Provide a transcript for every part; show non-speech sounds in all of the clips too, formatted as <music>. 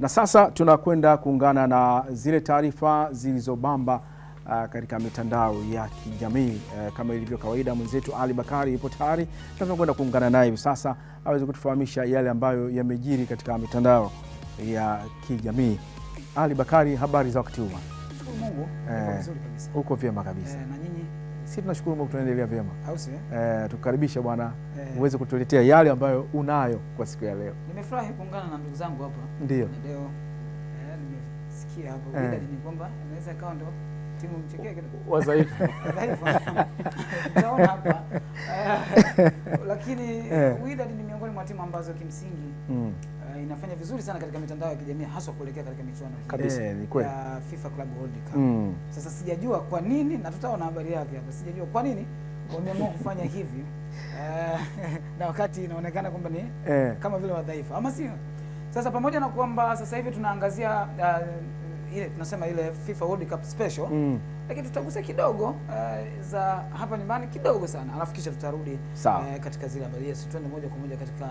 Na sasa tunakwenda kuungana na zile taarifa zilizobamba uh, katika mitandao ya kijamii uh, kama ilivyo kawaida, mwenzetu Ali Bakari yupo tayari na tunakwenda kuungana naye hivi sasa aweze kutufahamisha yale ambayo yamejiri katika mitandao ya kijamii. Ali Bakari, habari za wakati huu? Eh, uko vyema kabisa? Eh, si tunashukuru Mungu tunaendelea vyema au eh? eh Tukaribisha bwana eh, uweze kutuletea yale ambayo unayo kwa siku ya leo. Nimefurahi kuungana na ndugu zangu hapa, ndio leo eh, nimesikia hapo eh, ni kwamba kawa ndo timu mchekea kidogo wadhaifu <laughs> wadhaifu <laughs> naona hapa, eh, lakini Wydad ni miongoni mwa timu ambazo kimsingi mm. Uh, inafanya vizuri sana katika mitandao ya kijamii haswa kuelekea katika michuano kabisa e, ya FIFA Club World Cup. Mm. Sasa sijajua kwa nini na tutaona habari yake hapa. Sijajua kwa nini wameamua kufanya hivi <laughs> eh, <laughs> na wakati inaonekana kwamba ni e, kama vile wadhaifu ama sio? Sasa pamoja na kwamba sasa hivi tunaangazia uh, ile tunasema ile FIFA World Cup special mm. Lakini tutagusa kidogo uh, za hapa nyumbani kidogo sana, alafu kisha tutarudi uh, katika zile habari. Yes, tuende moja kwa moja katika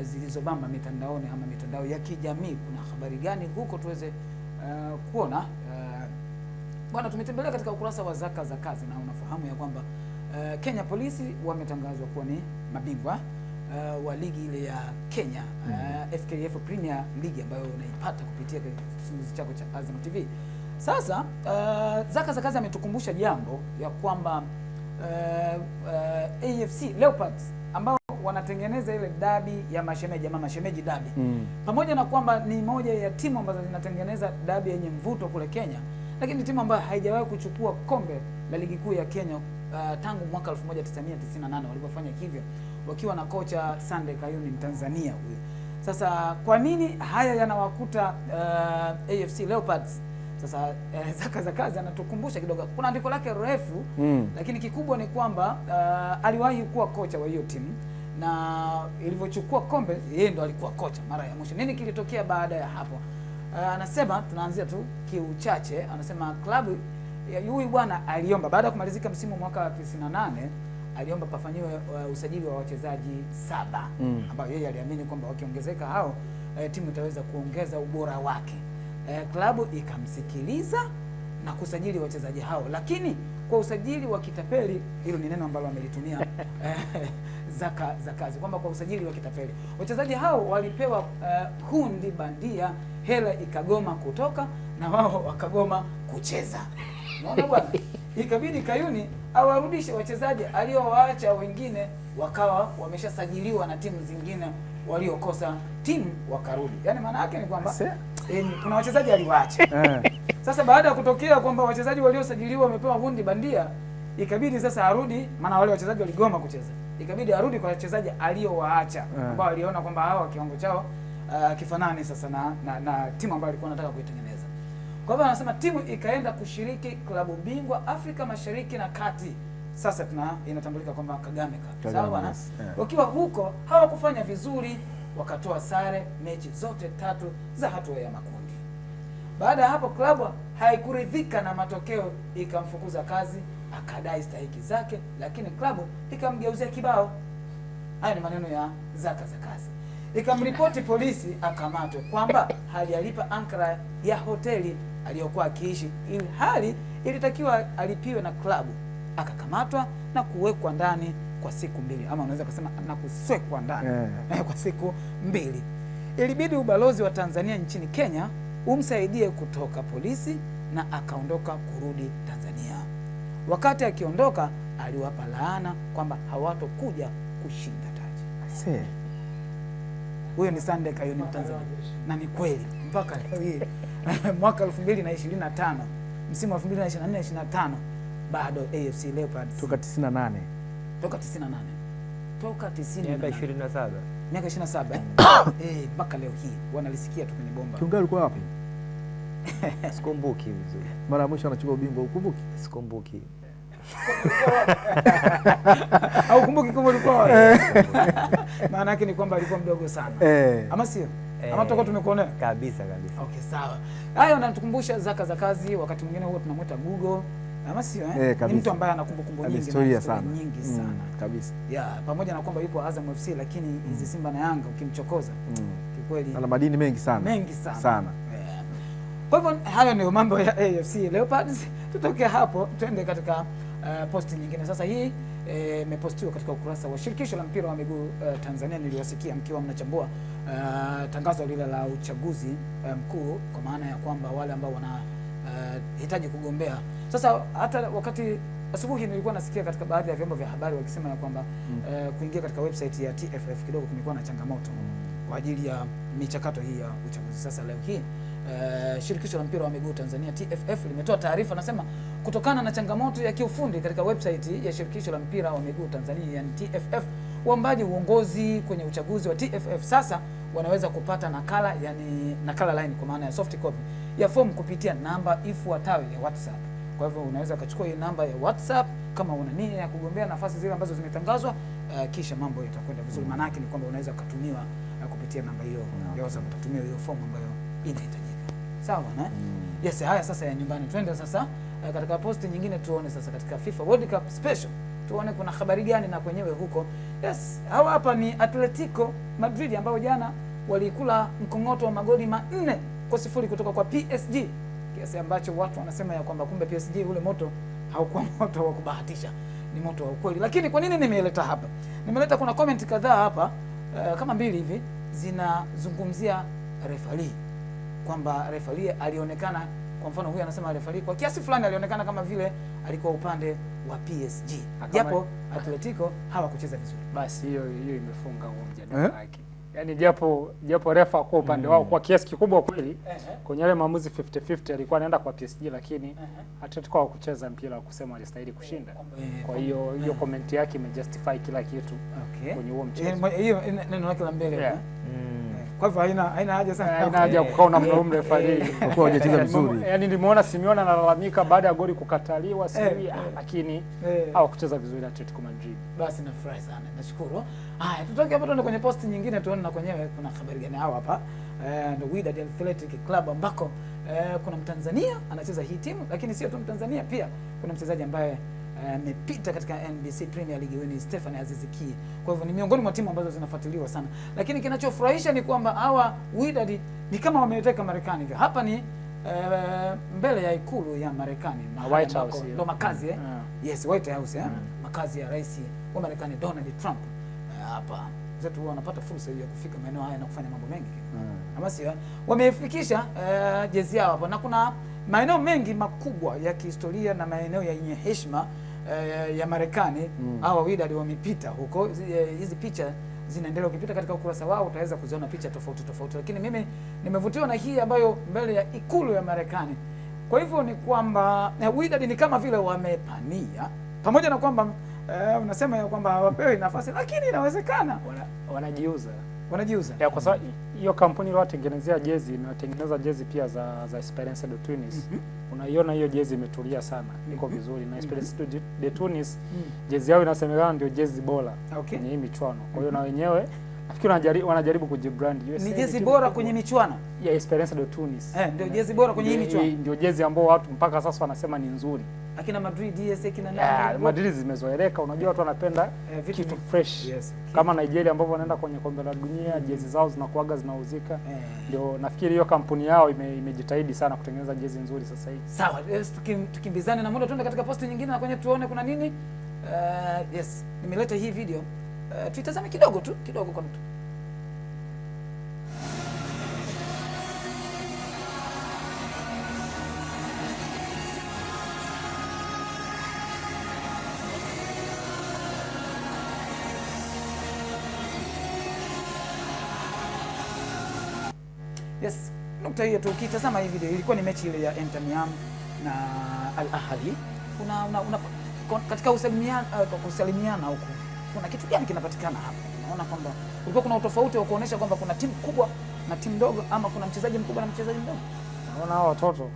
zilizobamba mitandaoni ama mitandao ya kijamii, kuna habari gani huko tuweze uh, kuona uh, bwana, tumetembelea katika ukurasa wa zaka za kazi, na unafahamu ya kwamba uh, Kenya polisi wametangazwa kuwa ni mabingwa uh, wa ligi ile ya Kenya mm -hmm. uh, FKF Premier League ambayo unaipata kupitia kisunguzi chako cha Azam TV. Sasa uh, zaka za kazi ametukumbusha jambo ya kwamba uh, uh, AFC Leopards ambao wanatengeneza ile dabi ya mashemeji ama mashemeji dabi mm. Pamoja na kwamba ni moja ya timu ambazo zinatengeneza dabi yenye mvuto kule Kenya, lakini timu ambayo haijawahi kuchukua kombe la ligi kuu ya Kenya uh, tangu mwaka 1998 walipofanya hivyo wakiwa na kocha Sande Kayuni Mtanzania huyo. Sasa kwa nini haya yanawakuta uh, AFC Leopards? Sasa eh, <laughs> zaka za kazi anatukumbusha kidogo, kuna andiko lake refu mm. Lakini kikubwa ni kwamba uh, aliwahi kuwa kocha wa hiyo timu na ilivyochukua kombe yeye ndo alikuwa kocha mara ya mwisho. Nini kilitokea baada ya hapo? Uh, anasema tunaanzia tu kiuchache, anasema klabu huyu bwana aliomba baada ya kumalizika msimu mwaka wa 98 aliomba pafanyiwe uh, usajili wa wachezaji saba mm, ambao yeye aliamini kwamba wakiongezeka hao uh, timu itaweza kuongeza ubora wake. Uh, klabu ikamsikiliza na kusajili wachezaji hao lakini kwa usajili wa kitapeli, hilo ni neno ambalo amelitumia <laughs> eh, zaka za kazi kwamba kwa usajili wa kitapeli wachezaji hao walipewa uh, hundi bandia, hela ikagoma kutoka na wao wakagoma kucheza. Unaona bwana, ikabidi Kayuni awarudishe wachezaji aliowaacha wengine wakawa wameshasajiliwa na timu zingine, waliokosa timu wakarudi. yani maana yake ni kwamba kuna wachezaji aliwaacha. Eh. Sasa baada ya kutokea kwamba wachezaji waliosajiliwa wamepewa hundi bandia, ikabidi sasa arudi, maana wale wachezaji waligoma kucheza, ikabidi arudi kwa wachezaji aliowaacha eh. ambao aliona kwamba hawa kiwango chao uh, kifanani sasa na, na, na timu ambayo alikuwa anataka kuitengeneza. Kwa hivyo anasema timu ikaenda kushiriki klabu bingwa Afrika Mashariki na Kati. Sasa tuna inatambulika kwamba Kagame Cup. Sawa bwana? Wakiwa huko hawakufanya vizuri wakatoa sare mechi zote tatu za hatua ya makundi. Baada ya hapo, klabu haikuridhika na matokeo, ikamfukuza kazi, akadai stahiki zake, lakini klabu ikamgeuzia kibao. Haya ni maneno ya Zaka za kazi Ikamripoti polisi akamatwe kwamba hajalipa ankara ya hoteli aliyokuwa akiishi, ili hali ilitakiwa alipiwe na klabu. Akakamatwa na kuwekwa ndani kwa siku mbili, ama unaweza kusema na kuswekwa ndani yeah, <laughs> kwa siku mbili. Ilibidi ubalozi wa Tanzania nchini Kenya umsaidie kutoka polisi na akaondoka kurudi Tanzania. Wakati akiondoka, aliwapa laana kwamba hawatokuja kushinda taji. Huyo ni Sunday Kayuni Mtanzania, na ni kweli mpaka <laughs> mwaka 2025 msimu wa 2024 25 bado AFC Leopards 98 toka 98 toka 98 miaka 27 miaka 27 eh? <coughs> eh, mpaka leo hii wanalisikia tu kwenye bomba. Kiunga alikuwa wapi? <laughs> Sikumbuki vizuri. Mara mwisho anachukua ubingwa ukumbuki? Sikumbuki. <laughs> Au kumbuki kama ulikuwa wewe. Eh. <laughs> Maana yake ni kwamba alikuwa mdogo sana. Eh. Ama sio? Ama tutakuwa tumekuonea? Kabisa kabisa. Okay, sawa. Hayo yanatukumbusha zaka za kazi, wakati mwingine huwa tunamwita Google ama sio eh? eh Ni mtu ambaye ana kumbukumbu nyingi sana, sana. nyingi mm, sana mm, kabisa yeah, pamoja na kwamba yupo Azam FC lakini mm. hizi mm, Simba na Yanga ukimchokoza mm, kikweli ana madini mengi sana mengi sana, sana. Yeah. Kwa hivyo hayo ndio mambo ya AFC Leopards. Tutoke hapo tuende katika uh, eh, posti nyingine sasa hii eh, imepostiwa e, katika ukurasa wa shirikisho la mpira wa miguu uh, Tanzania. Niliwasikia mkiwa mnachambua uh, tangazo lile la uchaguzi mkuu um, kwa maana ya kwamba wale ambao wana Uh, hitaji kugombea. Sasa hata wakati asubuhi nilikuwa nasikia katika baadhi ya vyombo vya habari wakisema ya kwamba mm. uh, kuingia katika website ya TFF kidogo kumekuwa na changamoto mm. kwa ajili ya michakato hii ya uchaguzi. Sasa leo hii Uh, shirikisho la mpira wa miguu Tanzania TFF limetoa taarifa nasema, kutokana na changamoto ya kiufundi katika website ya shirikisho la mpira wa miguu Tanzania yani TFF, uombaji uongozi kwenye uchaguzi wa TFF sasa wanaweza kupata nakala yani, nakala line kwa maana ya soft copy ya form kupitia namba ifuatayo ya WhatsApp. Kwa hivyo unaweza ukachukua hii namba ya WhatsApp kama una nia ya kugombea nafasi zile ambazo zimetangazwa, uh, kisha mambo yatakwenda vizuri. Mm. Maana yake ni kwamba unaweza ukatumiwa uh, kupitia namba hiyo okay, mm. ya WhatsApp utatumiwa hiyo form ambayo inahitajika. Sawa na eh? mm. yes. Haya, sasa ya nyumbani, twende sasa uh, katika posti nyingine tuone sasa katika FIFA World Cup special tuone kuna habari gani na kwenyewe huko Yes, hawa hapa ni Atletico Madrid ambao jana walikula mkong'oto wa magoli manne kwa sifuri kutoka kwa PSG, kiasi ambacho watu wanasema ya kwamba kumbe PSG ule moto haukuwa <laughs> moto wa kubahatisha, ni moto wa ukweli. Lakini kwa nini nimeleta hapa? Nimeleta kuna comment kadhaa hapa uh, kama mbili hivi zinazungumzia refari kwamba refari alionekana, kwa mfano huyu anasema refari kwa kiasi fulani alionekana kama vile alikuwa upande wa PSG japo Atletico hawakucheza vizuri. Basi hiyo hiyo imefunga huo mjadala eh? wake yaani japo japo refa kwa upande wao mm. kwa kiasi kikubwa kweli kwenye yale maamuzi 50-50 alikuwa anaenda kwa PSG, lakini Atletico kucheza mpira wa kusema alistahili kushinda. Eh, kwa hiyo hiyo eh. comment yake imejustify kila kitu kwenye huo mchezo, hiyo neno lake la mbele mm. Kwa hivyo haina haina haja sana, haina haja kukaa na <laughs> kwa kuwa hajacheza yaani, vizuri. Yaani Simeone analalamika baada ya goli kukataliwa eh. sijui, ah, lakini eh. hawakucheza vizuri Atletico Madrid. Basi nafurahi sana, nashukuru. Haya, tutoke hapo tuende kwenye posti nyingine, tuone na kwenyewe kuna habari gani hao hapa. Uh, Wydad Athletic Club ambako kuna Mtanzania anacheza hii timu, lakini sio tu Mtanzania, pia kuna mchezaji ambaye Eh, amepita uh, katika NBC Premier League huyu ni Stephane Aziz Ki. Kwa hivyo ni miongoni mwa timu ambazo zinafuatiliwa sana, lakini kinachofurahisha ni kwamba hawa Wydad ni kama wameteka Marekani hivyo. Hapa ni uh, mbele ya ikulu ya Marekani na ah, White House ndo makazi eh? yeah. Yes, White House eh? yeah. Mm. makazi ya rais wa Marekani Donald Trump uh, hapa zetu huwa wanapata fursa hiyo ya kufika maeneo haya na kufanya mambo mengi mm. Basi wamefikisha uh, jezi yao hapo, na kuna maeneo mengi makubwa ya kihistoria na maeneo yenye heshima eh, ya Marekani mm. Hawa wawili wamepita huko, eh, hizi picha zinaendelea. Ukipita katika ukurasa wao utaweza kuziona picha tofauti tofauti, lakini mimi nimevutiwa na hii ambayo mbele ya ikulu ya Marekani. Kwa hivyo ni kwamba eh, Widad ni kama vile wamepania, pamoja na kwamba eh, unasema ya kwamba hawapewi nafasi, lakini inawezekana wanajiuza wana wanajiuza ya, kwa sababu hiyo kampuni iliyowatengenezea jezi inatengeneza jezi pia za, za Esperance de Tunis mm -hmm. Unaiona hiyo jezi imetulia sana mm -hmm. Iko vizuri na mhm. Esperance mm -hmm. de Tunis mm -hmm. Jezi yao inasemekana ndio jezi bora okay. Kwenye hii michuano kwa hiyo mm -hmm. na wenyewe nafikiri wanajaribu, wanajaribu kujibrand USA. ni jezi bora kwenye michuano ya Esperance de Tunis eh, ndio jezi bora kwenye hii michuano, ndio jezi ambao watu mpaka sasa wanasema ni nzuri akina Madrid yes, akina nani Madrid zimezoeleka, unajua watu wanapenda eh, kitu fresh yes, Kama Nigeria ambao wanaenda kwenye kombe la dunia mm. jezi zao zinakuaga zinauzika eh. ndio eh. Nafikiri hiyo kampuni yao ime, imejitahidi sana kutengeneza jezi nzuri sasa hivi. Sawa, yes, tukimbizane na muda, tuende katika posti nyingine na kwenye tuone kuna nini. Uh, yes, nimeleta hii video uh, tuitazame kidogo tu kidogo kwa mtu Yes, nukta hiyo tu ukitazama hii video ilikuwa ni mechi ile ya Inter Miami na Al Ahly. Kuna una, una, katika usalimiana uh, kusalimiana huko kuna kitu gani kinapatikana hapa? Unaona kwamba kulikuwa kuna utofauti wa kuonesha kwamba kuna timu kubwa na timu ndogo ama kuna mchezaji mkubwa na mchezaji mdogo. Unaona hao watoto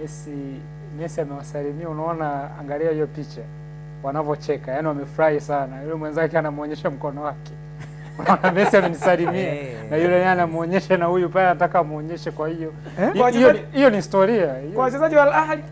Messi Messi amewasalimia, unaona, angalia hiyo picha wanavyocheka, yani wamefurahi sana. Yule mwenzake anamuonyesha mkono wake. <laughs> Messi amenisalimia eh. na yule naye anamuonyesha na huyu pale anataka amuonyeshe. Kwa hiyo eh? hiyo ni historia kwa wachezaji wa Al Ahly,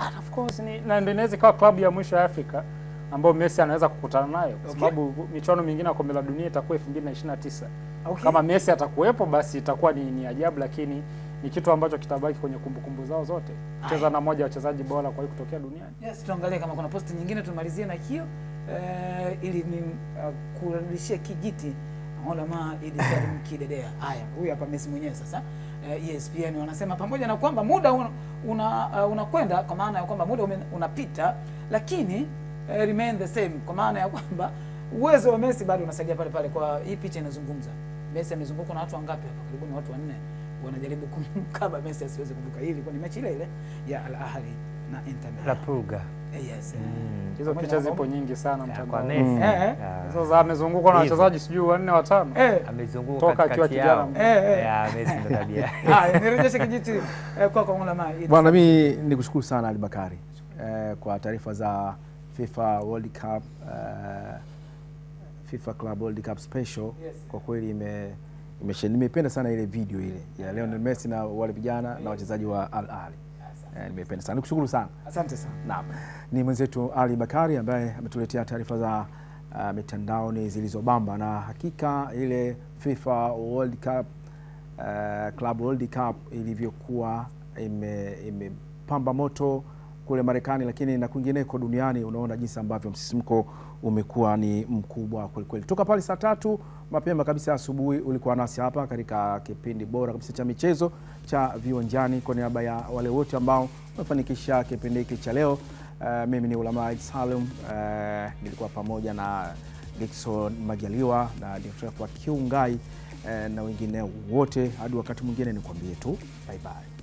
ah, of course ni na ndio inaweza ikawa klabu ya mwisho ya Afrika ambayo Messi anaweza kukutana nayo kwa sababu okay. michuano mingine ya kombe la dunia itakuwa 2029. Okay. Kama Messi atakuwepo basi itakuwa ni, ni ajabu lakini ni kitu ambacho kitabaki kwenye kumbukumbu zao zote, kucheza na moja wachezaji bora kwa hiyo kutokea duniani. Yes, tuangalie kama kuna posti nyingine tumalizie na hiyo uh, ili ni uh, kurudishia kijiti Ulama Idi Salim Kidedea. Haya, huyu hapa Messi mwenyewe sasa. Uh, eh, ESPN wanasema pamoja na kwamba muda unakwenda una, una eh, kwa maana ya kwamba muda unapita, lakini uh, remain the same, kwa maana ya kwamba uwezo wa Messi bado unasalia pale pale. Kwa hii picha inazungumza Messi amezungukwa na watu wangapi hapa? Karibu ni watu wanne wanajaribu kumkaba Messi asiweze kuvuka. Hii ilikuwa ni mechi ile ile ya Al Ahly na Inter Milan. La Pulga. Yes. Mm. Mm. Hizo picha zipo nyingi sana mtandaoni. Sasa mm. eh, eh. amezungukwa na wachezaji sijui wanne watano. Eh. Amezunguka toka akiwa kijana. <laughs> Nirejeshe kijiti kwa kwa kwako Mulama. Bwana, mimi nikushukuru sana Ali Bakari eh, kwa taarifa za FIFA World Cup eh, FIFA Club World Cup Special yes. Kwa kweli ime nimependa sana ile video ile ya Lionel Messi na wale vijana yeah. na wachezaji wa Al Ahly Eh, nimependa sana nikushukuru sana asante sana. Naam, ni mwenzetu Ali Bakari ambaye ametuletea taarifa za uh, mitandaoni zilizobamba na hakika ile FIFA World Cup uh, Club World Cup ilivyokuwa imepamba ime moto kule Marekani, lakini na kwingineko duniani, unaona jinsi ambavyo msisimko umekuwa ni mkubwa kwelikweli. Toka pale saa tatu mapema kabisa asubuhi ulikuwa nasi hapa katika kipindi bora kabisa cha michezo cha Viwanjani. Kwa niaba ya wale wote ambao wamefanikisha kipindi hiki cha leo, uh, mimi ni Ulama Salum, uh, nilikuwa pamoja na Dickson Majaliwa na Diotrepha Kiungai uh, na wengine wote. Hadi wakati mwingine, nikwambie tu bye bye.